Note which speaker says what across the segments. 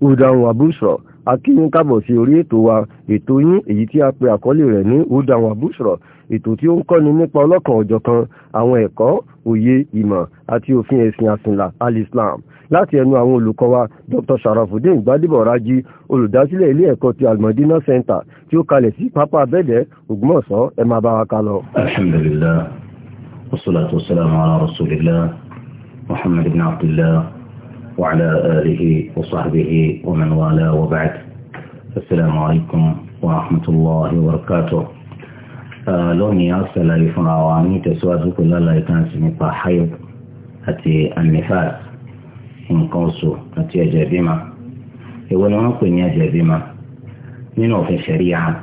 Speaker 1: udan wabusro akíyín kábọ̀ sí orí ètò wa ètò yín èyí tí a pè àkọlé rẹ̀ ní udan wabusro ètò tí ó ń kọ́ni nípa ọlọ́kan ọ̀jọ̀kan àwọn ẹ̀kọ́ òye ìmọ̀ àti òfin ẹ̀sìn àsìnlá alislam láti ẹnu àwọn olùkọ́ wa dr sharafudin gbadebo raji olùdásílẹ̀ ilé ẹ̀kọ́ ti almadina center tí ó kalẹ̀ sí pápá abẹ́dẹ̀ ògbómọ̀ṣọ́ ẹ máa bá wa ká lọ. alhamdulillah wassalatu wassalamu ala rasulillah muhammad ibn abdullah وعلى آله وصحبه ومن والاه وبعد السلام عليكم ورحمة الله وبركاته لوني أرسل لفراواني تسواز كل الله يكنس نقا حيض أتي النفاس من قوسه أتي أجابيما يقول ما كن يجابيما من في الشريعة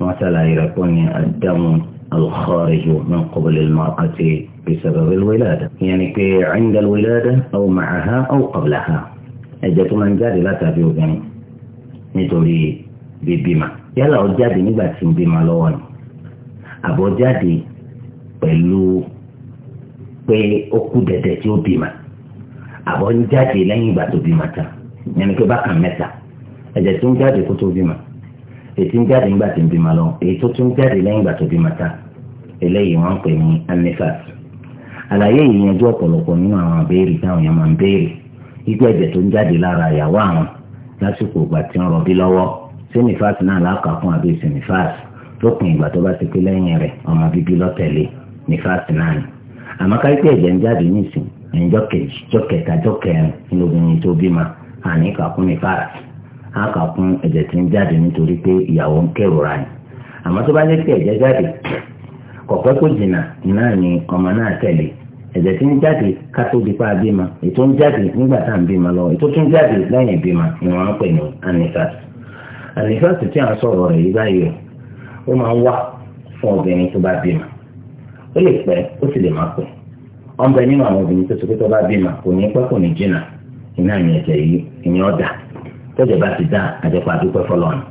Speaker 1: مثلا يكون الدم الخارج من قبل المرأة بسبب الولادة يعني في عند الولادة أو معها أو قبلها ẹ̀jẹ̀ tó máa ń jáde látàrí obìnrin nítorí bíbímọ yálà ó jáde nígbà tí ń bímọ lọ́wọ́ ni àbọ̀ jáde pẹ̀lú pé ó kú dẹ̀dẹ̀ tí ó bímọ àbọ̀ ń jáde lẹ́yìn ìgbà tó bímọ tán yẹn ni pé bákan mẹ́ta ẹ̀jẹ̀ tó ń jáde kó tó bímọ ètí ń jáde ńgbà tí ń bímọ lọ èyí tó tún jáde lẹ́yìn ìgbà tó bímọ ta eléyìí wọ́n ń pè ní anifas àlàyé yìí yanjú ọ̀pọ̀lọpọ̀ nínú àwọn àbẹ́ẹ̀rì táwọn èèyàn máa ń béèrè igbó ẹ̀jẹ̀ tó ń jáde lára ìyàwó àwọn lásìkò ìgbà tí ń rọbí lọ́wọ́ sinifas náà láàkà fún àbí sinifas lópin ìgbà tó bá ti pé lẹ́yìn rẹ̀ ọmọ bíbí lọ́tẹ̀lé nifas náà ni àmọ́ káyipẹ́ ẹ̀jẹ̀ ń jáde nísìn ẹ̀ńjọ́ kejì jọ́ kẹta jọ́ obìnrin tó bímọ àníkà nifas á kà ẹ̀jẹ̀ tí ń jáde nítorí pé ìyàwó ń kérora ni àmọ́ tó bá jẹ́ pé ẹ̀jẹ̀ jáde kọ̀pẹ́ kò jìnnà náà ni ọmọ náà tẹ̀lé ẹ̀jẹ̀ tí ń jáde ká tó di pa bímọ ètò ń jáde nígbà tá à ń bímọ lọ ètò tó ń jáde lẹ́yìn ìbímọ ni wọ́n ń pè ní anifas anifas tí à ń sọ̀rọ̀ rẹ̀ yí báyìí ó máa ń wá fún obìnrin tó bá bímọ ó lè pẹ́ ó sì lè má pẹ́ ọ̀nbẹ nínú àwọn obìnrin tó tó bá bímọ kò ní pẹ́ kò ní jìnnà ìnáà ní ẹ̀jẹ̀ yìí ìyẹn ọ̀dà tẹ́jẹ̀ bá ti dá àjẹpọ̀ àdúpẹ́ fọlọ́ọ̀nù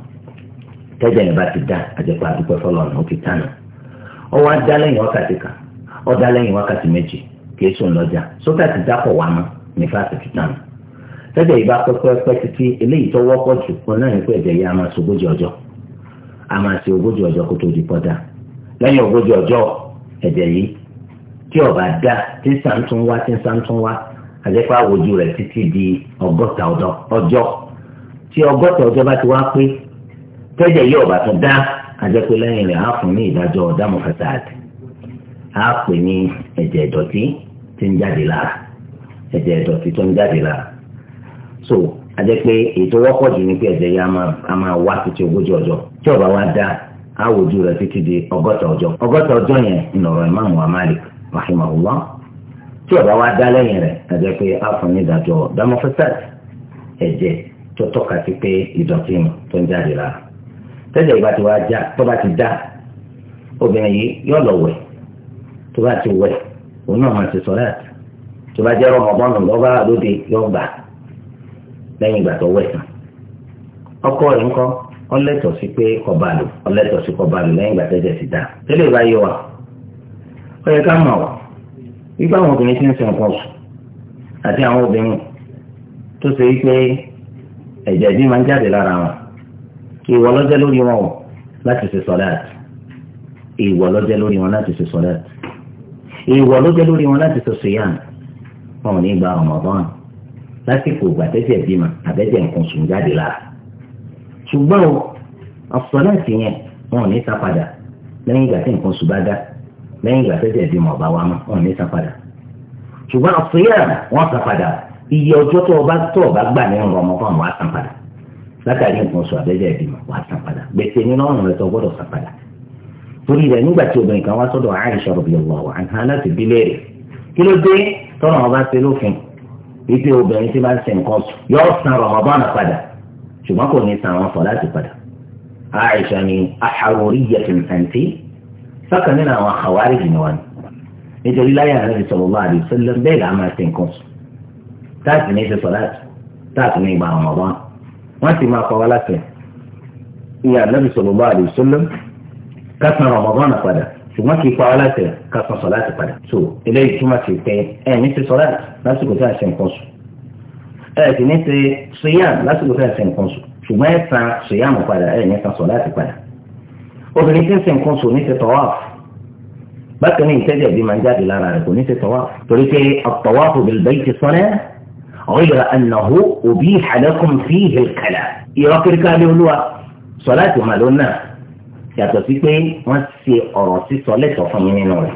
Speaker 1: tẹ́jẹ̀ yẹn bá ti dá àjẹpọ̀ àdúpẹ́ fọlọ́ọ̀nù ó ti tánà ó wá dá lẹ́yìn wákàtí kan ó dá lẹ́yìn wákàtí méjì kìí sùn lọ́jà sókè àti dápọ̀ wà mọ́ ní fásitì tánà tẹ́jẹ̀ yìí bá pẹ́pẹ́pẹ́ títí eléyìí tó wọ́pọ̀ jù wọn náà ní pé ẹ̀jẹ̀ yìí a máa di pọ́dà lẹ́yìn ogójì tí ó dá tí sàǹtún tí sàǹtún wá àjẹpọ̀ àwòjú títí di ọgọ́ta ọjọ́ tí ọgọ́ta ọjọ́ bá ti wá pé tẹ́jẹ̀ yóò bá tún dá àjẹpẹ́ lẹ́yìn rẹ̀ á fún ní ìdájọ́ ọ̀dàmú fasáàdì á pè ní ẹ̀jẹ̀ ìdọ̀tí tí ń jáde lára ẹ̀jẹ̀ ìdọ̀tí tó ń jáde lára so àjẹpẹ́ ètò wọ́pọ̀ jù ní pé ẹ̀jẹ̀ a máa wá títí ogójì ọjọ́ tí ọba wa dá rẹ̀ títí di ọgọ́ta ọjọ́ ọgọ́ta ọjọ́ yẹn ìnọ̀rọ̀ tó tọ́ka sí pé ìdọ̀tí nù tó ń jáde lára tẹ́jẹ̀ ìbá ti wá já tó bá ti dá obìnrin yìí yóò lọ wẹ̀ tó bá ti wẹ̀ òun náà máa ti sọ láti tó bá jẹ́ rọmọbọ́nù lọ́ba lóde yóò gbà lẹ́yìn ìgbà tó wẹ̀ tán ọkọ rẹ̀ ńkọ́ ọlẹ́tọ̀ sí pé kọba lò ọlẹ́tọ̀ sí kọba lò lẹ́yìn ìgbà tẹ́jẹ̀ ti dá tẹ́lẹ̀ ìbá yé wa ó yẹ ká mọ̀ wá wípé àwọn obìnrin ti ń sin nǹkan oṣù àti àwọn obìnrin tó ṣe wípé ẹ̀jẹ̀ bí máa ń jáde lára wọn ìwọ lọ́jẹ́ lórí wọn o láti ṣe sọ́láàt ìwọ lọ́jẹ́ lórí wọn láti ṣe sọ́láàt ìwọ lọ́jẹ́ lórí wọn láti ṣe sùyàn wọn ò ní gba Ramadan lásìkò ìgbà tẹ́jẹ̀ bímọ àbẹ́jẹ̀ nǹkan sùn jáde lára ṣùgbọ́n o ọ̀sọ́láàtì yẹn wọn ò ní sá padà lẹ́yìn ìgbà tí nǹkan sùn bá dá lẹ́yìn ìgbà tẹ́jẹ̀ bímọ ọ̀bá wa mọ́ wọn ò ní sá padà ṣùgbọ́n ọ̀sọ́yà wọn sá padà iye ọjọ́ tó o bá tó o bá gbà ní Ramadan wàá san padà látàrí nǹkan oṣù abẹ́jẹ́ ìbímọ wàá san padà gbèsè nínú ọ̀rùn rẹ̀ tó o gbọ́dọ̀ san padà torí rẹ̀ nígbà tí obìnrin kan wá sọ́dọ̀ Aisha radiyallahu anha láti bí léèrè kí ló dé tọ́nà ọba ṣe lófin wípé obìnrin tí bá ń ṣe nǹkan oṣù yóò san Ramadan padà ṣùgbọ́n kò ní san àwọn sọ láti padà táàtì ní í ṣe sọ̀láàtì táàtì ní ìgbà Ramadan wọ́n sì máa kọ́ wá láti ìyá Ànábì sallallahu alaihi wasallam kásán Ramadan padà ṣùgbọ́n kì í pa wá láti kásán sọ̀láàtì padà tó eléyìí túmọ̀ sí pé ẹ̀ ní ṣe sọ̀láàtì lásìkò tí a ṣe nǹkan sùn ẹ̀ sì ní ṣe ṣìyàm lásìkò tí a ṣe nǹkan sùn ṣùgbọ́n ẹ̀ san ṣìyàm padà ẹ̀ ní san sọ̀láàtì padà obìnrin tí ń ṣe nǹkan sùn ní ṣe tọ́wáfù bákan ní ìtẹ́jẹ̀ bí máa ń jáde lára rẹ̀ kò ní ṣe tọ́wáfù torí pé at-tawafu bil bayti sọ́nẹ́ غير أنه أبيح لكم فيه الكلام يركرك لولوة صلاة ما لنا يتسيك وسي أراسي صلاة وفمين نور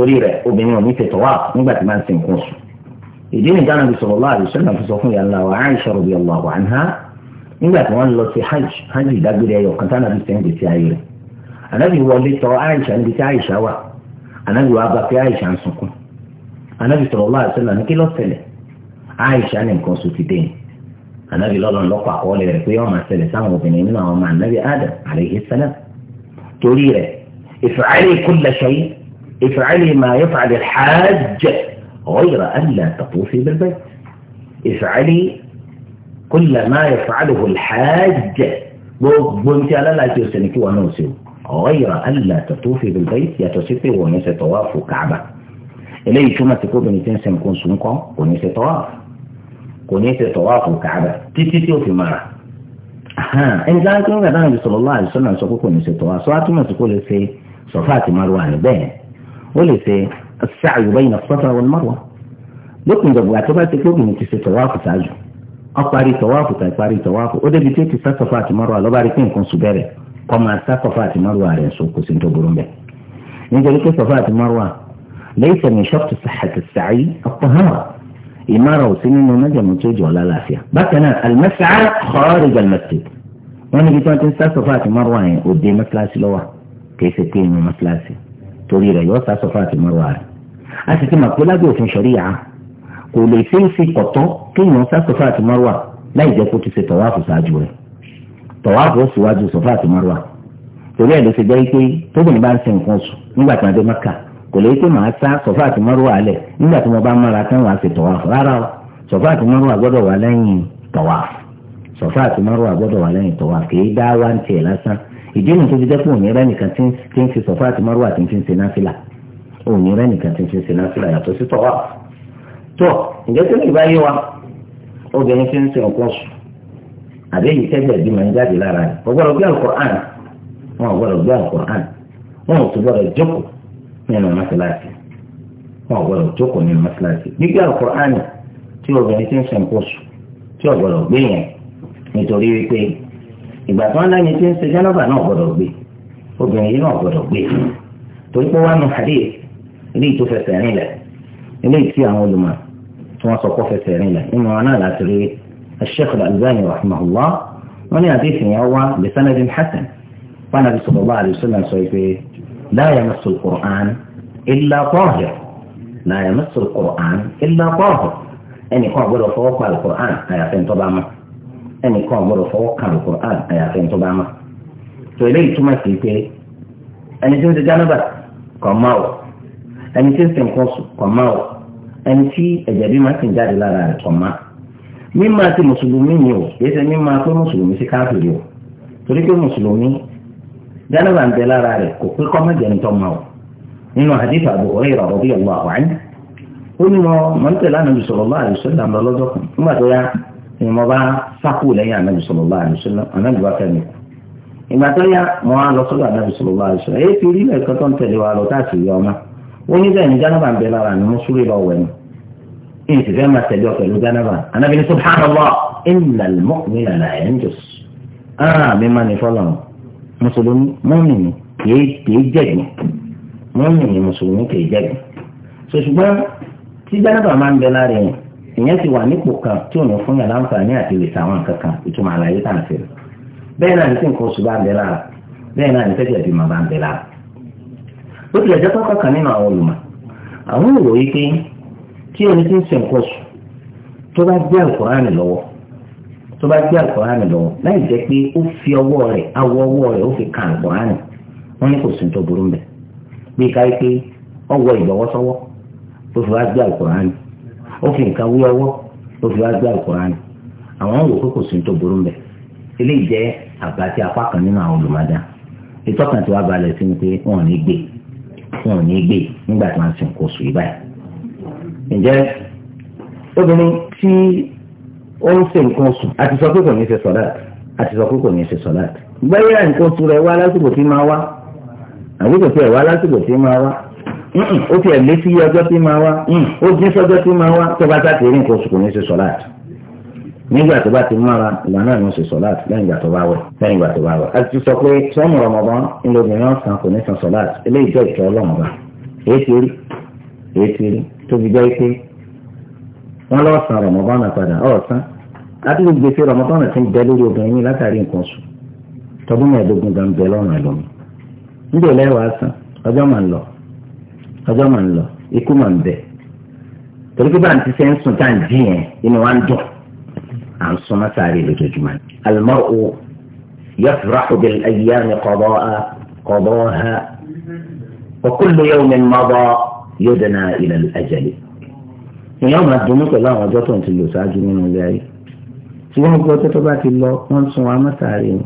Speaker 1: torí rẹ̀ obìnrin ò ní tètè wá nígbà tí máa ń sin kún sùn ìdí ni gánà bíi sallallahu alaihi wasallam fi sọ fún yàrá wa Aisha radiyallahu anha nígbà tí wọ́n lọ sí hajj hajj ìdágbére ẹyọ kan tánà bíi sẹ́ńdì sí ayé rẹ̀ anabi wọlé tọ̀ Aisha níbi tí Aisha wà anabi wà bá pé Aisha ń sunkún anabi sallallahu alaihi wasallam ní kí ló ṣẹlẹ̀ aisha ní nkan so ti dé ni anabi lọ́lọ́run lọ́kọ̀ àkọọ́lẹ̀ rẹ̀ pé yọ́n máa ṣẹlẹ̀ sáwọn obìnrin nínú àwọn ọmọ anabi adam alayhi salam torí rẹ̀ if'ali kulla shay if'ali ma yaf'al al-hajj ghayra alẹ la tatufi bil-bayt if'ali kulla ma yaf'aluhu al-hajj gbogbo ní ti alálàájì ọ̀sẹ̀ ní kí wọn náà ṣe o ghayra alẹ la tatufi bil-bayt yàtọ̀ sí pé wọ́n ní ṣe tọ́wáfù kàába eléyìí túmọ̀ sí kó obìnrin ti ń ṣe nǹkan sùn kọ́ kò ní ṣe tọ́wáfù kò ní ṣe tọ̀wáàfù kàábà títí tí ó fi mara ẹni tí a ń kí ń gbàdá àbí sọ̀rọ̀ lọ́wọ́ àdìsọ́ náà sọ pé kò ní ṣe tọ̀wá sọ àtúmọ̀ sí kó lè ṣe sọ̀fà àti marwa ní bẹ́ẹ̀ ó lè ṣe as-sa'yu bayna as-safa wal-marwa lópin ìjọba àti bá ti pé obìnrin ti ṣe tọ̀wáàfù ṣáájú ọ parí tọ̀wáàfù tàì parí tọ̀wáàfù ó débi tí ó ti sá sọ̀fà àti marwa lọ́ba ìmára òsín nínú májàmú tí ó jọ lálàáfíà bákan náà alimẹsàá kharij al-masjid wọn níbi tí wọn ti ń sá sọfà àti márùwà yẹn òde mẹsàlásì lọwà kì í ṣe pé inú mẹsàlásì torí rẹ̀ yọ sá sọfà àti márùwà rẹ̀ a sì ti mà pé lábẹ́ òfin ṣàríà kò lè ṣe é ṣe kọ̀tọ́ kéèyàn sá sọfà àti márùwà láì jẹ́ kó ti ṣe tọ̀wáàfù ṣáájú rẹ̀ tọ̀wáàfù kò lè pé màá sá sọ̀fà àti mọ́rùwà alẹ̀ nígbà tí mo bá mọ́ra tán wàá ṣe tọ̀wá rárá o sọ̀fà àti mọ́rùwà gbọ́dọ̀ wà lẹ́yìn tọ̀wá sọ̀fà àti mọ́rùwà gbọ́dọ̀ wà lẹ́yìn tọ̀wá kì í dá wá ń tiẹ̀ lásán ìdí nu tó ti dẹ́kun òní rẹ nìkan ti ń fi àti ń fi ń wa obìnrin fi ń ṣe ọ̀pọ̀ sùn àbí èyí bí jáde lára rẹ̀ ọgbọ́dọ̀ gbé àlùkò àn wọn nínú mọ́sálásí wọn gbọ́dọ̀ jókòó nínú mọ́sálásí gbígbé àkùránì tí obìnrin ti ń ṣe nǹkan oṣù tí ò gbọ́dọ̀ gbé yẹn nítorí wípé ìgbà tí wọ́n lẹ́ni tí ń ṣe jẹ́nọ́bà náà gbọ́dọ̀ gbé obìnrin yìí náà gbọ́dọ̀ gbé torí pé wọ́n nu hadith eléyìí tó fẹsẹ̀ rìn lẹ̀ eléyìí tí àwọn olùmọ̀ tí wọ́n sọ pé fẹsẹ̀ rìn lẹ̀ nínú wọn náà láti rí الشيخ الألباني رحمه الله وني حديث يوا بسند حسن وانا صلى الله عليه وسلم لا يمس القرآن إلا طاهر لا يمس القرآن إلا طاهر ẹnì kan gbọ́dọ̀ fọwọ́ kan alukur'an àyàfẹ́ ntọ́ bá ma ẹnì kan gbọ́dọ̀ fọwọ́ kan alukur'an àyàfẹ́ To bá ma tó eléyìí túmọ̀ sí pé ẹni tí ń ṣe jánúbà kọ̀ má o ẹni tí ń ṣe nǹkan sùn kọ̀ má o ẹni tí ẹ̀jẹ̀ bí máa ti o jẹ́nàbà ń bẹ lára rẹ̀ kò pé kọ́ mọ́jẹ̀ ń tọ́mọ o nínú hadith Abu Hurairah radiyallahu anhu ó ní wọn mọ̀ ń tẹ̀lé ànábì sallallahu alaihi wasallam lọ́jọ́ kan nígbà tó yá ni mo bá sákò lẹ́yìn ànábì sallallahu alaihi wasallam ànábì bá fẹ́ mi kù ìgbà tó yá mo á lọ sọ́dọ̀ ànábì sallallahu alaihi wasallam èyí fi rí ẹ̀kọ́ tó ń tẹ̀lé wa lọ táàsì yọ ọmọ ó ní bẹ́ẹ̀ ni jẹ́nàbà ń bẹ lára ni mo súré lọ wẹ̀ ni èyí sì fẹ́ máa tẹ̀lé ọ̀pẹ̀lú jẹ́nàbà ànábì ní subhanallah innal mu'mina la yanjus mùsùlùmí mọ́mìnì kìí jẹ̀gbìn mọ́mìnì mùsùlùmí kìí jẹ̀gbìn so ṣùgbọ́n tí jánábà máa ń bẹ lára yẹn ìyẹn ti wà nípò kan tí òun fún yàrá àǹfààní àti ìrètí àwọn nǹkan kan ìtumọ̀ àlàyé tá à ń ṣe rẹ̀ bẹ́ẹ̀ náà ní tí nǹkan oṣù bẹ lára bẹ́ẹ̀ náà ní bẹ lára ó tilẹ̀ jẹ́ kọ́kọ́ kan nínú àwọn olùmọ̀ àwọn pé tí ẹni tí ń tó bá àlùkò tó bá gbé àkùránì lọ́wọ́ láì jẹ́ pé ó fi ọwọ́ rẹ̀ awọ ọwọ́ rẹ̀ ó fi ka àkùránì wọ́n ní kò sí tó burú mbẹ̀ bí ọwọ pé ọwọ́ ìbọ̀wọ́ sọ́wọ́ ó fi wá gbé àkùránì ó fi nǹkan wí ọwọ́ ó fi wá gbé àwọn wò kan nínú àwọn olùmọ̀dá ìtọ́kàn tí wàá balẹ̀ sí ni pé ní gbé ní gbé nígbà tí wọ́n ti ó ń ṣe nǹkan oṣù àti sọ pé kò ní ṣe sọ̀láàtì àti sọ pé kò ní ṣe sọ̀láàtì gbẹ́yà nǹkan oṣù rẹ̀ wá lásìkò tí máa wá àbí kò tiẹ̀ wá lásìkò tí máa wá ó tiẹ̀ lé sí ọjọ́ tí máa wá ó dín sọ́jọ́ tí máa wá tó bá sáà tẹ̀lé nǹkan oṣù kò ní ṣe sọ̀láàtì nígbà tó bá ti mára ìgbà náà ni wọ́n ṣe lẹ́yìn ìgbà tó bá wẹ̀ lẹ́yìn ìgbà tó bá wẹ̀. a sọ pé sọ́mù rọmọdán ńlọbìnrin wọn lọ san rọmọbọ́nà padà ọ̀sán adúlù gbèsè ti ń bẹ lórí obìnrin látàrí nǹkan sùn tọdún mẹ́ẹ̀ẹ́dógún gan bẹ san ọjọ́ mà ń lọ ọjọ́ mà ń lọ ikú mà ń bẹ torí pé bá ń ti ṣe ń sùn tá à ń dín yẹn inú wa ń dùn à ń sún lójoojúmọ́ ni. èèyàn máa dùnnú pẹ̀lú àwọn ọjọ́ tó ń ti lò ṣáájú nínú ilé ayé tí wọ́n gbọ́ tó tó bá ti lọ wọ́n ń sun wa mọ́tàrí ni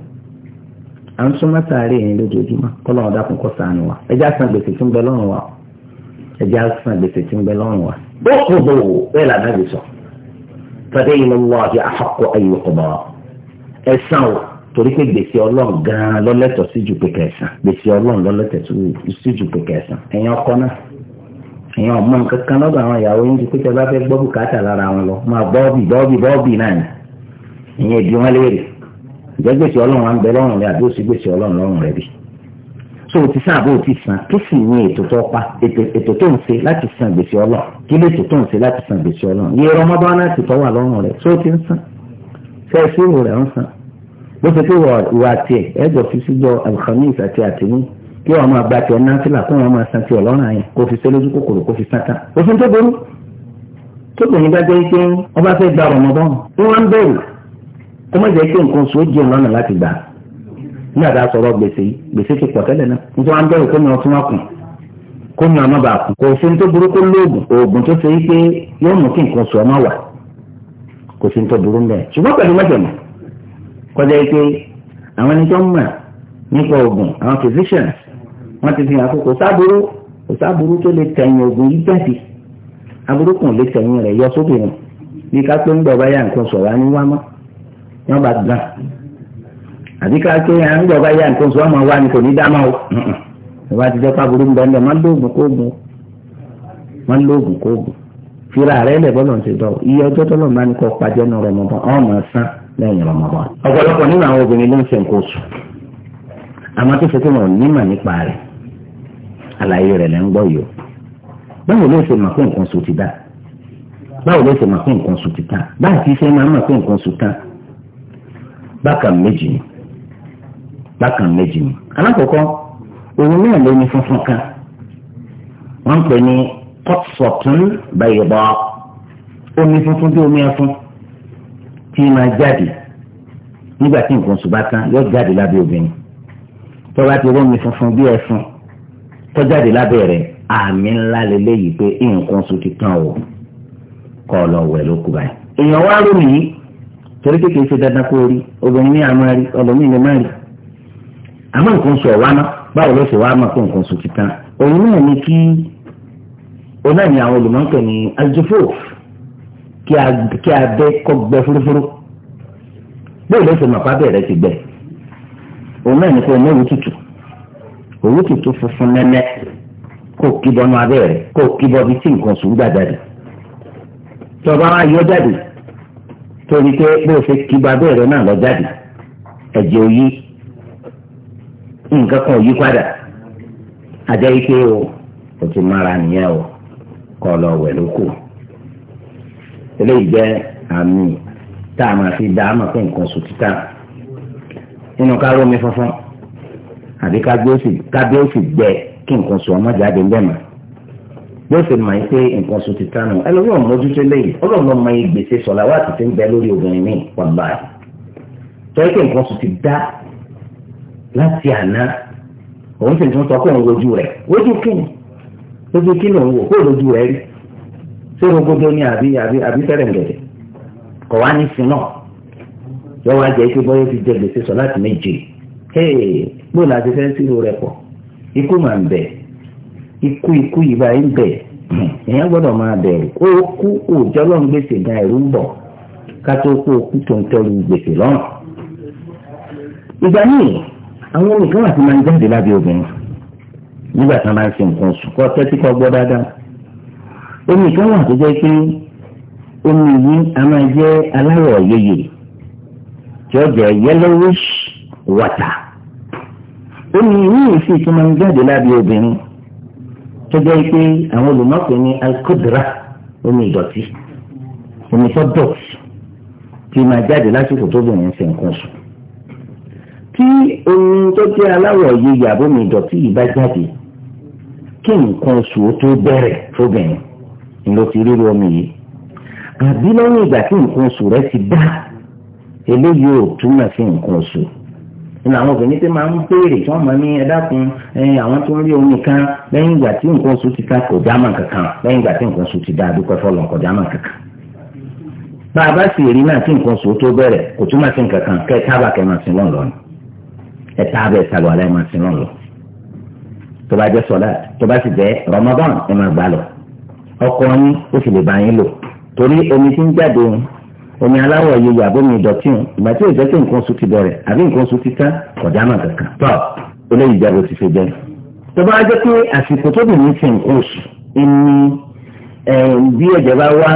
Speaker 1: à ń sun mọ́tàrí yẹn lójoojúmọ́ kọ́lọ́run dákun kó ṣàánú wa ẹjẹ́ àsan gbèsè tí ń bẹ lọ́rùn wa ẹjẹ́ àsan gbèsè tí ń bẹ lọ́rùn wa bó kò bó wò bẹ́ẹ̀ là náà lè sọ fẹ́fẹ́ yìí lọ́wọ́ àti àkọ́kọ́ ayé ọ̀bà ẹ̀sán o torí pé gbèsè ọlọ́run gan-an lọ́lẹ́tọ̀ síjú pé kẹsàn gbèsè ọlọ́run lọ́lẹ́tọ̀ síjú pé kẹsàn ẹ̀yin ọkọ náà ìyẹn ọmọ nǹkan kan lọ́dọ̀ àwọn ìyàwó yín ti pé tẹ bá fẹ́ gbọ́ bùkátà lára wọn lọ máa bọ́ọ̀bì bọ́ọ̀bì bọ́ọ̀bì náà ni ìyẹn ìdí wọn léèrè ìjẹ́ gbèsè ọlọ́run à ń bẹ lọ́rùn rẹ àbí ó sì gbèsè ọlọ́run lọ́rùn rẹ bì so o ti san àbí o ti san kí sì ni ètò tó pa ètò tó ń ṣe láti san gbèsè ọlọ́run kí lè ètò tó ń ṣe láti san gbèsè ọlọ́run iye ọmọdé kí wọn máa gba tiẹ̀ náà sílà wọn máa san ọ lọ́rùn yẹn kó fi sẹ́lójú kòkòrò kó fi sátán òfin tó burú tó kò ní jẹ́ pé bá fẹ́ gba ọ̀mọ̀dán tí wọ́n ń bẹ̀rù kó má jẹ́ pé nǹkan oṣù láti gbà sọ̀rọ̀ gbèsè gbèsè ti pọ̀ tẹ́lẹ̀ náà wọ́n ń bẹ̀rù ọtún wọn ọmọ tó burú wọ́n ti fi hàn kó sábúrú kò sábúrú tó lè tẹ̀yìn oògùn yìí jáde aburú kan lè tẹ̀yìn rẹ̀ yọ sókè wọn bí ká pé ń gbọ̀ báyà nǹkan sọ̀rọ̀ á ní wá mọ́ wọ́n bá gbà àbí ká pé à ń gbọ̀ báyà nǹkan sọ̀rọ̀ máa wá ní kò ní dáná o ìwà àtijọ́ káburú ń bẹ ń bẹ má lóògùn kóògùn má lóògùn kóògùn fira rẹ lẹ bọ́lọ̀ ń ṣe dọ̀ iye ọjọ́ tó lọ́ọ̀ máa ní kọ́ pàjẹ́ nu Ramadan ọ́n máa san lẹ́yìn Ramadan ọ̀pọ̀lọpọ̀ nínú àwọn obìnrin ló ń ṣe nǹkan oṣù àmọ́ tó ṣe pé wọn ní mà nípa rẹ̀ àlàyé rẹ̀ lẹ́ ń gbọ́ yìí o báwo ló ṣe mọ̀ pé nǹkan oṣù ti dá báwo ló ṣe mọ̀ pé nǹkan oṣù ti tán báyìí ti ṣe máa mọ̀ pé nǹkan oṣù tán bákan méjì ni bákan méjì ni alákọ̀ọ́kọ́ òun náà ló ní funfun kan wọ́n ń pè ní kọ́tùsọ̀tún bẹ̀yẹ̀bọ̀ omi funfun bí omi ẹfun tí máa jáde nígbà tí nǹkan oṣù bá tán yóò jáde lábẹ́ obìnrin tó bá ti rí omi funfun bí ẹfun tọ́jáde lábẹ́rẹ́ àmì ńlá lélẹ́yìí pé nǹkan oṣù ti tán o kọ́ ọ lọ wẹ̀ ló kú báyìí. èèyàn wá rò nìyí torí kékeré ṣe dandan kó rí obìnrin ní àmọ́ rí ọlọ́mìn lè má rí àmọ́ nǹkan oṣù ọ̀wá náà báwo ló ṣe wá mọ̀ pé nǹkan oṣù ti tán òun náà ni kí òun náà ni àwọn olùmọ̀ọ́kẹ́ ni aljufo kí abẹ́ kọ́ gbẹ fúrúfúrú bóyá ló ṣe mọ̀ pábẹ́ rẹ ti gbẹ òun náà ni kó o náà òwú kìkì funfun lẹ́lẹ́ kó kíbọnú abẹ́ rẹ̀ kó kíbọ bí tí nǹkan sùn gbàjáde tọba wa yọ jáde torí pé bó o ṣe kíbọ abẹ́ rẹ̀ náà lọ jáde ẹ̀jẹ̀ òyí nǹkan kan òyí padà àjẹ́ ike o o ti mara nìyẹn o kọ́ lọ wẹ̀ lóko eléyìí jẹ́ àmì tá a máa fi dá a máa pé nǹkan sùn títà nínú ká lómi funfun àbí kábíyèsí gbẹ kí nǹkan sùn ọmọ jáde lẹ́nu yóò fi mọ̀ pé nǹkan oṣù ti tánu ẹlòmíràn mójútó léyìí ọlọ́run ọmọ yìí gbèsè sọ̀lá wà tètè ń bẹ lórí obìnrin míì pàmbá yìí tọ́yí pé nǹkan oṣù ti dá láti àná òun sì tún sọ pé òun wojú rẹ̀ wojú kíni wojú kíni òun wò kó lójú rẹ̀ rí ṣé rogodo ni àbí àbí àbí fẹ́rẹ̀ǹgẹ̀dẹ̀ kọ̀ wá ní sinọ́ yọ wá jẹ́ pé bọ́yọ́ ti jẹ gbèsè sọ̀lá ti méje bó la ti fẹ́ sírò rẹ̀ pọ̀ ikú iku ń bẹ̀ ikú ikú yìí báyìí ń bẹ̀ èèyàn gbọ́dọ̀ máa bẹ̀rù ó kú òòjọ́ lọ́n gbèsè gan ẹ̀rú ń bọ̀ ká tó kó okú tó ń tẹ́lu gbèsè lọ́rùn. ìgbà míì àwọn nìkan àti máa ń jáde lábẹ́ obìnrin nígbà tí wọ́n bá ń ṣe nǹkan oṣù kọ́ tẹ́tí omi wà tó jẹ́ pé wata omi yìí sì tún máa ń jáde lábẹ́ obìnrin tó jẹ́ pé àwọn olùmọ̀pẹ̀ ní alkodra omi ìdọ̀tí omi tó dọ̀tí tí máa jáde lásìkò tó bìnrin ṣe nǹkan sùn tí omi tó jẹ́ aláwọ̀ yìí yàbọ̀ omi ìdọ̀tí yìí bá jáde kí nǹkan oṣù tó bẹ̀rẹ̀ fóbìnrin ni ló ti rírí omi yìí àbí lẹ́yìn ìgbà tí nǹkan oṣù rẹ ti dá eléyìí ò túmọ̀ sí nǹkan oṣù ní àwọn obìnrin tí máa ń béèrè tí wọ́n máa ní ẹ dákun àwọn tó ń rí omi kan lẹ́yìn ìgbà tí nǹkan oṣù ti ká kò já mọ̀ kankan lẹ́yìn ìgbà tí nǹkan oṣù ti dá adúpẹ́ fọlọ́ kò já kankan. bá a bá sì rí náà tí nǹkan oṣù tó bẹ̀rẹ̀ kò túmọ̀ sí nǹkan kan ẹ tábà kẹ́ máa sin lọ́nlọ́ ni ẹ tábà ẹ tàlù alẹ́ máa sin lọ́nlọ́ tó bá jẹ́ sọ́lá tó bá sì jẹ́ Ramadan ẹ máa gbà lọ ọkọ yín ó sì omi aláwọ̀ yìí yàgbọ́ mi dọ̀tí hàn ìgbà tí òjẹ́ pé nǹkan oṣù ti bẹ̀rẹ̀ àbí nǹkan oṣù ti tán kọ̀dá mà kankan tọ́ eléyìí ìjábọ̀ ti ṣe jẹ́ tó bá jẹ́ pé àsìkò tóbi ní ti nǹkan oṣù ìní eh, bí ẹ̀jẹ̀ bá wá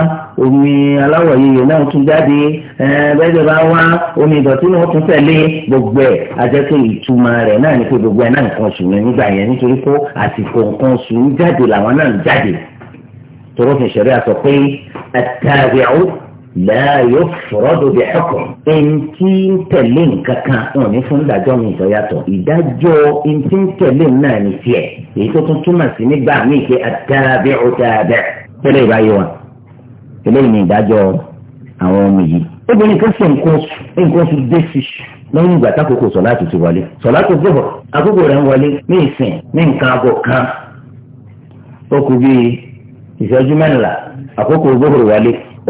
Speaker 1: omi aláwọ̀ yìí náà tún jáde eh, bẹ́ẹ̀jẹ̀ bá wá omi ìdọ̀tí náà tún tẹ̀lé gbogbo ẹ̀ àjẹpẹ́ ìtumọ̀ rẹ̀ náà ní pé gbogbo ẹ̀ náà nǹkan oṣù yẹn nígbà yẹn nítorí pé àsìkò nǹkan oṣù ń jáde láàyò fọ́rọ́dọ̀ bí ẹ̀kọ́ ẹ̀ǹtí ń tẹ̀lé nǹkan kan wọn ní fún ìdájọ́ mi ìtọ́yàtọ̀ ìdájọ́ ẹ̀ǹtí ń tẹ̀lé náà ní tiẹ̀ èyí tó tún túmọ̀ sí nígbà míì pé àtàbẹ̀ ọ̀tàbẹ̀ tẹ́lẹ̀ ìbáyé wa eléyìí ni ìdájọ́ àwọn ọmọ yìí. obìnrin kan ṣe nǹkan oṣù nǹkan oṣù dé sí lẹ́yìn ìgbà tákòókò sọ̀láàtù ti wọlé sọ̀láàtù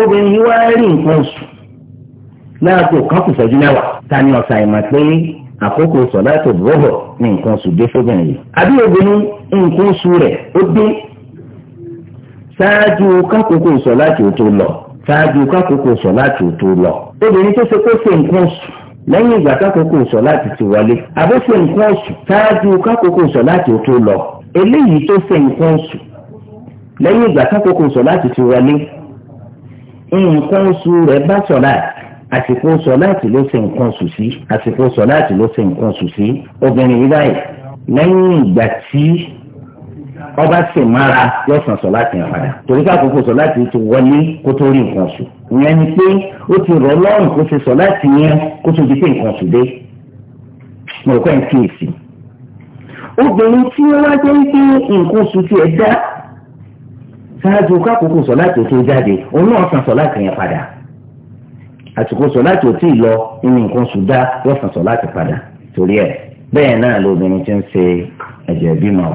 Speaker 1: obìnrin yìí wá rí nǹkan oṣù láàbò kan kù sọ́jú mẹ́wàá ta ni ọ̀sà ìmọ̀ pé àkókò sọ̀láàtò bọ́bọ̀ ní nǹkan oṣù dé fóbìnrin yìí. àbí obìnrin nǹkan oṣù rẹ̀ ó dé ṣáájú kákòókò sọ̀láàtì ò tó lọ ṣáájú kákòókò sọ̀láàtì ò tó lọ. obìnrin tó ṣe kó ṣe nǹkan oṣù lẹ́yìn ìgbà kákòókò sọ̀láàtì ti wọlé àbó ṣe nǹkan oṣù ṣáájú kákòókò sọ̀láàtì ò tó lọ. eléyìí tó ṣe nǹkan oṣù lẹ́yìn ìgbà kákòókò sọ̀láàtì ti wọlé nǹkan oṣù rẹ̀ bá sọ̀láàtì àsìkò sọ̀láàtì ló ṣe nǹkan oṣù sí àsìkò sọ̀láàtì ló ṣe nǹkan oṣù sí obìnrin yìí báyìí lẹ́yìn ìgbà tí ọba sì mára yóò san sọ̀láàtì yẹn padà torí káàkókò sọ̀láàtì ti wọlé kó tó rí nǹkan oṣù ìyẹn ni pé ó ti rọ̀ lọ́rùn kó ṣe sọ̀láàtì yẹn kó tó di pé nǹkan oṣù dé mo rò pé n kíyèsí obìnrin tí wọ́n wá jẹ́ pé nǹkan oṣù ṣáájú kákòókò sọ̀láàtì tó jáde òun náà san sọ̀láàtì yẹn padà àsìkò sọ̀láàtì ò tí ì lọ inú nǹkan sùn dá yóò san sọ̀láàtì padà torí ẹ̀ bẹ́ẹ̀ náà lóbìnrin ti ń ṣe ẹ̀jẹ̀ bímọ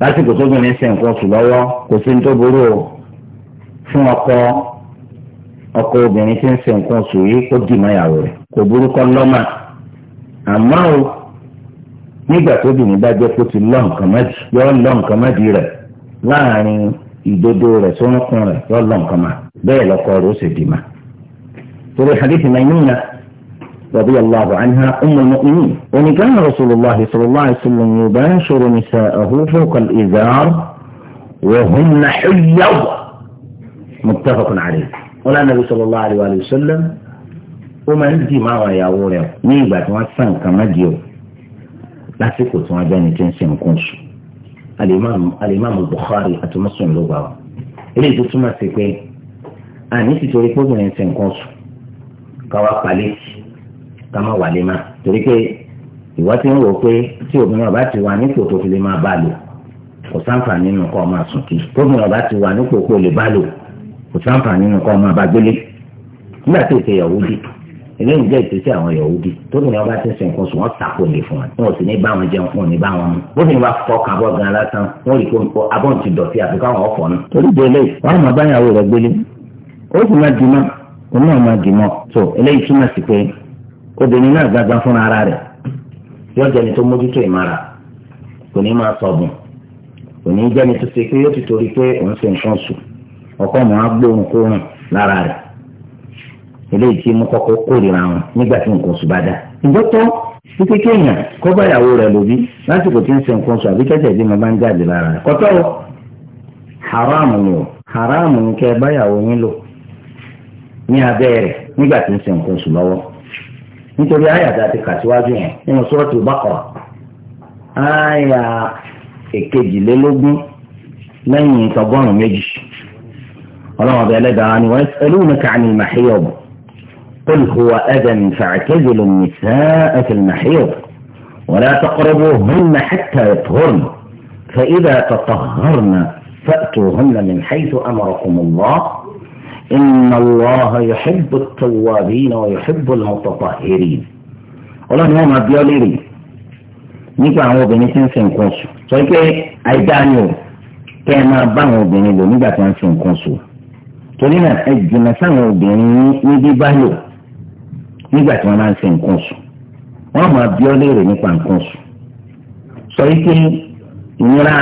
Speaker 1: lásìkò tóbìnrin ṣe nǹkan sùn lọ́wọ́ kò sí ní tó burú o fún ọkọ ọkọ obìnrin ti ń ṣe nǹkan sùn yìí kó dì mọ́yàwó rẹ̀ kò burú kọ́ lọ́mà àmọ́ o nígbà tóbìnrin bá ìdodo rẹ̀ tó ń kun rẹ̀ yọ lọ nǹkan ma bẹ́ẹ̀ lọ́kọ rẹ̀ ó sì dì ma. torí hadith rabi radiyallahu anha ummul mu'minin oníkan rasulillah sallallahu alayhi wa sallam yubashiru nisa'ahu fawqa al-izar wa hunna hiyyaw muttafaqun alayhi. wọn lánàá bí sallallahu alayhi wa sallam ó máa ń dì má àwọn ìyàwó rẹ̀ ní ìgbà tí wọ́n sàn kàmájì o lásìkò wọ́n jẹ́ wọ́n bẹ́ni tí ni ti n sin kun sun alimami Bukhari àti Muslim ló gbà wá eléyìí tó túmọ̀ sí pé àní ti torí pé obìnrin ti nǹkan sùn káwá palẹ̀ ká má wà lè má torí pé ìwà ti ń wò pé tí obìnrin ọba ti wà nípò tó fi lè máa bá lò kò sáǹfà nínú kọ́ máa sùn kí obìnrin ọba ti wà nípò kó lè bá lò kò sáǹfà nínú kọ́ máa bá gbélé nígbà tí ètò ìyàwó dì eléyìí jẹ́ ìpèsè àwọn Yahudi tóbi ni wọ́n bá ti sìn kó sùn wọ́n tako lè fún wọn wọn ò sì ní bá wọn jẹun wọn ò ní bá wọn mu bó ti ní bá fọ kábọ̀ gan lásán wọn rí kó abọ́n ti dọ̀tí àfi káwọn ọ̀fọ̀ nù. torí délé wọn máa bá ìyàwó rẹ gbélé ó sì máa dì mọ́ òun náà máa dì mọ́ tó eléyìí túmọ̀ sí pé obìnrin náà gbàgbà fún ara rẹ̀ yóò jẹ́ni tó mójútó ìmara kò ní máa sọ̀bùn kò ní jẹ́ni tó ṣe pé yóò ti torí pé òun ṣe nǹkan sùn ọkọ eléyìí tí mo kọ́kọ́ kórìíra wọn nígbà tí nǹkan oṣù bá dá nke kenya sí kékeré yẹn kó báyàwó rẹ̀ lóbi lásìkò tí ń ṣe nǹkan oṣù àbí kẹ́tẹ̀ bí mo bá ń jáde lára kọ́tọ́ o haramu ni o haramu ni kẹ́ báyàwó yín lò ní abẹ́ rẹ̀ nígbà tí ń nǹkan lọ́wọ́ nítorí ti kà síwájú yẹn nínú sọ́ọ̀tì bákọ̀rà àyà èkejìlélógún lẹ́yìn ìtọ́gọ́rùn méjì ọlọ́run ọ̀bẹ ẹlẹ́dàá قل هو أذى فاعتزلوا النساء في المحيض ولا تقربوهن حتى يطهرن فإذا تطهرن فأتوهن من حيث أمركم الله إن الله يحب التوابين ويحب المتطهرين ọlọ́run náà máa bí ọ léèrè nípa àwọn obìnrin tí ń sin nǹkan sùn sọ pé àìdáni o kẹ́ ẹ máa bá àwọn obìnrin lò nígbà tí wọ́n ń sin nǹkan sùn torí náà ẹ jìnnà sáwọn obìnrin ní bíbá lò nígbà tí wọ́n máa ń ṣe nǹkan oṣù wọ́n máa bí ọ léèrè nípa nǹkan oṣù sọ wípé ìnira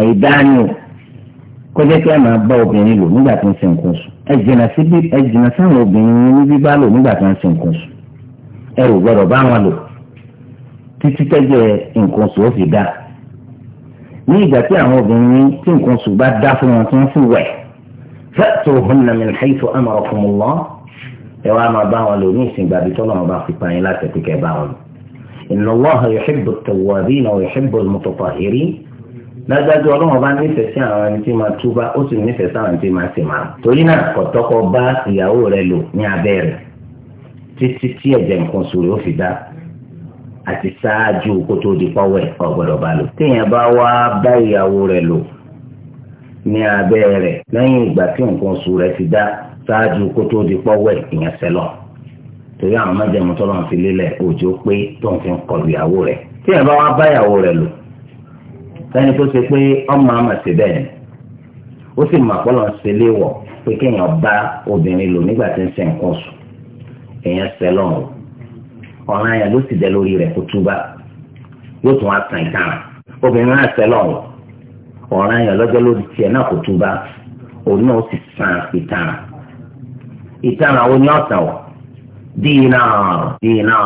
Speaker 1: àìdáníò kọjá kí ẹ máa bá obìnrin lò nígbà tí wọ́n ṣe nǹkan oṣù ẹ jìnnà síbi ẹ jìnnà sáwọn obìnrin ní bíbá lò nígbà tí wọ́n ṣe nǹkan oṣù ẹ ò gbọ́dọ̀ bá wọn lò títí tẹ́jẹ́ nǹkan oṣù ó fi dá ní ìgbà tí àwọn obìnrin tí nǹkan oṣù bá dá fún wọn tí wọ́n sì wẹ̀ fẹ́ẹ̀tò hùn nàmìlẹ́hìn tó amọ̀ràn fún wọn lọ́wọ́ ẹ wá máa bá wọn lò ní ìsìn gbàbí tó náà bá fi pa yín láti pé kẹ́ bá wọn lò. inna Allaha yuhibbu at-tawwabina wa yuhibbu al-mutatahhirin lágbájú ọlọ́run bá nífẹ̀ẹ́ sí àwọn ẹni tí máa túbá ó sì nífẹ̀ẹ́ sáwọn ẹni tí máa sì máa. torí náà kọ̀tọ́kọ títí tí ẹ̀jẹ̀ nǹkan oṣù ó fi dá àti ṣáájú kó tó di pọ́wẹ́ ọ̀gbọ̀dọ̀ bá lò. téèyàn bá wá bá ìyàwó rẹ̀ lò ní abẹ́ rẹ̀ lẹ́yìn ìgbà tí nǹkan oṣù rẹ̀ ti dá ṣáájú kó tó di pọ́wẹ́ ìyẹn sẹ́lọ̀ torí àwọn májẹ̀mú tó lọ́n fi lélẹ̀ òjò pé tó ń fi kọlu ìyàwó rẹ̀ tí ẹ̀ bá wá bá ìyàwó rẹ̀ lò sẹ́ni tó ṣe pé ọmọ àmọ̀ sí bẹ́ẹ̀ ó sì mọ̀ pọ́lọ̀ ń ṣe léwọ̀ pé kéèyàn bá obìnrin lò nígbà tí ń ṣe nǹkan sùn èèyàn sẹ́lọ̀ ọ̀ràn yẹn ló sì dẹ lórí rẹ̀ kó túbà yóò tún wá tàn ìtàn obìnrin náà sẹ́lọ̀ ọ̀ràn yẹn lọ́jọ́ lórí tiẹ̀ náà kó túbà òun náà sì san ìtàn ìtara wo ni ọ̀tàn wọ̀ dínà dínà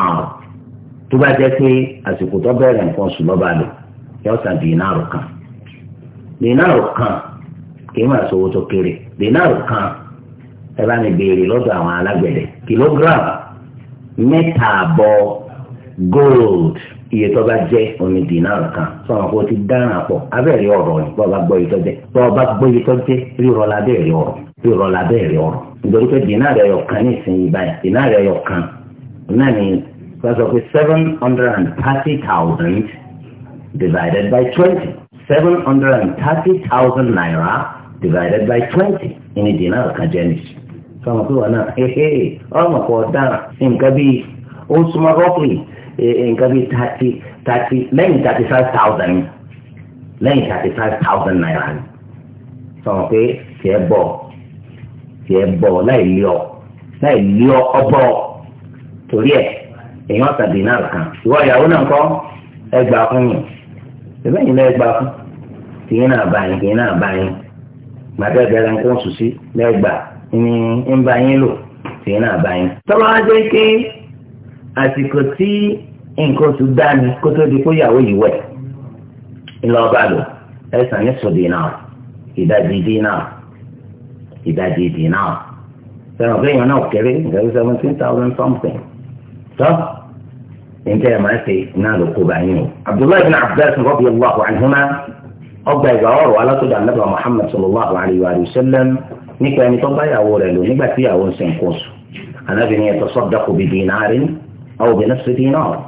Speaker 1: tó bá jẹ́ pé àsìkò tó bẹ̀rẹ̀ nǹkan sùn lọ́ba lò yóò san dínà rò kan dínà rò kan kì í máa sọ owó tó kéré dínà rò kan ẹ bá mi béèrè lọ́dọ̀ àwọn alágbẹ̀dẹ kìlógíráàmù mẹ́ta àbọ̀ gold iye tó bá jẹ́ omi dínà kan sọ̀rọ̀ kó o ti dáràn pọ̀ abẹ́rẹ́ ọ̀rọ̀ ni bọ́ọ̀ bá gbọ́ iye tó jẹ́ bọ́ọ̀ bá gbọ́ iye tó jẹ́ rírọ̀ lábẹ́rẹ́ ọ̀rọ̀ rírọ̀ lábẹ́rẹ́ ọ̀rọ̀ nítorí pé dinara rẹ̀ yọ̀ kan ní ìsinyìí báyìí dínà rẹ̀ yọ̀ kan náà ni wọ́n sọ re thousand divided by twenty. Seven hundred and thirty thousand naira divided by twenty ìní dinara rẹ̀ kan jẹ́ ní. sọmọ pé wọn náà hehe ọmọ kò dára nǹkan bíi ó súnmọ́ rọ́pì eh, eh, nǹkan bíi thirty thirty lẹ́yìn thirty five thousand lẹ́yìn thirty five thousand naira So sọmọ pé bọ̀. tiẹ̀ bọ̀ láì lé ọ láì lé ọ ọbọ̀ torí ẹ̀ èèyàn tàbí náà kàn ìwọ ìyàwó náà kọ́ ẹ gbà fún yìí ẹgbẹ́ yìí lẹ́ẹ̀ gbà fún tìyín náà bá yín tìyín náà bá yín màtẹ́ bẹ̀rẹ̀ ń kó sùsí lẹ́ẹ̀ gbà ní ń bá yín lò tìyín náà bá yín. tọ́lá jẹ́ pé àsìkò tí nǹkan oṣù dání kó tó di kó ìyàwó yìí wẹ̀ ńlọ́ọ́ bá lò ẹ̀sán ní sùdínà ìdajì dínà ìdajì dìínà sọ̀rọ̀ pé èèyàn náà kéré zero seventeen thousand something tó níta ẹ̀ máa ṣe náà ló kó báyìí o. abdullahi bin abdullahi radiyallahu anhuma ọgbà ìgbà ọ̀rọ̀ alásòdà anábà muhammad sallallahu alayhi wa sallam nípa ẹni tó bá yàwó rẹ̀ lò nígbà tí yàwó ń sìn kó sùn anábì ni ẹ̀tọ́ sọ́dọ̀kù bíi dìínàrin àwọn obìnrin sì dìínàrì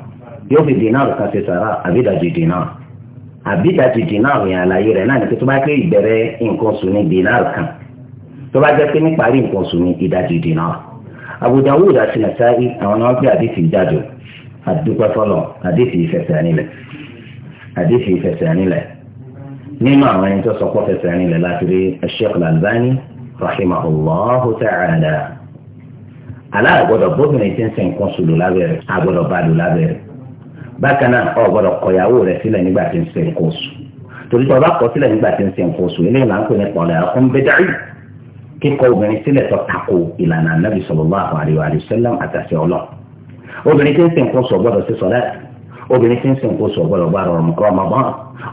Speaker 1: yóò fi dìínàrì kan ṣe sàrà àbídàjì dìínàrì àbídàjì dìínàrì yẹn àlàyé rẹ̀ náà ní pé tó bá pé ìbẹ̀rẹ̀ nǹkan sùn ní dìínàrì kan tó bá jẹ́ pé níparí nǹkan oṣù ni ìdajì dìnnà Abu Dawud àti Nasa'i àwọn náà gbé àdìsí jáde àdúgbò fọlọ àdìsí ìfẹsẹ̀ nílẹ̀ àdìsí ìfẹsẹ̀ nílẹ̀ nínú àwọn ẹni tó sọ pé fẹsẹ̀ nílẹ̀ láti rí Sheikh Al-Albani rahimahullahu ta'ala aláàgbọ́dọ̀ bóbìnrin ti ń sin nǹkan sùlù lábẹ́rẹ́ àgbọ́dọ̀ bá lù lábẹ́rẹ́ bákan náà o gbọ́dọ̀ kọ̀yàwó rẹ̀ sílẹ̀ nígbà tí ń sin nǹkan oṣù torí tí o kíkọ obìnrin sílẹ̀ tó tako ìlànà anábì sallallahu alaihi wa sallam àtàṣẹ ọlọ́ obìnrin tí ń sìn kó sọ gbọ́dọ̀ sí sọ́lá obìnrin tí ń sìn kó sọ gbọ́dọ̀ gbà Ramadan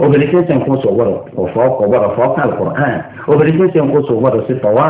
Speaker 1: obìnrin tí ń sìn kó sọ gbọ́dọ̀ fọ́ gbọ́dọ̀ fọ́ obìnrin tí ń sìn kó sọ gbọ́dọ̀ sí tọ́wá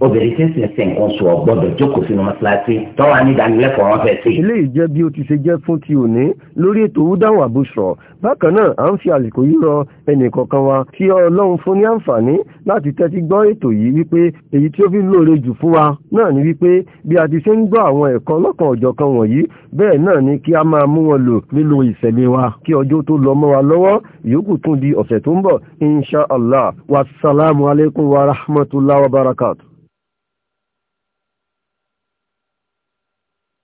Speaker 1: obìnrin tí ń sìn sìn nǹkan sùn ọgbọ́dọ̀ jókòó sínú mọ́ṣáláṣí tọ́wọ́ anídánilẹ́kọ̀ọ́ wọn fẹ́ sí. eléyìí jẹ́ bí ó ti ṣe jẹ́ fún ti òní lórí ètò wúdáhùn àbúṣọ bákan náà à ń fi àlìkò yìí rọ ẹnì kọ̀ọ̀kan wa kí ọlọ́run fún ní àǹfààní láti tẹ́tí gbọ́ ètò yìí wípé èyí tí ó fi lóore jù fún wa náà ni wípé bí a ti ṣe ń gbọ́ àwọn ẹ̀kọ́ lọ́kan ọ̀jọ̀kan wọ̀nyí bẹ́ẹ̀ náà ni kí a máa mú wọn lò nínú ìṣẹ̀lẹ̀ wa kí ọjọ́ tó lọ mọ́ wa lọ́wọ́ ìyókù tún di ọ̀sẹ̀ tó ń bọ̀ insha allah wasalaamu alaykum wa rahmatulah wa barakatu.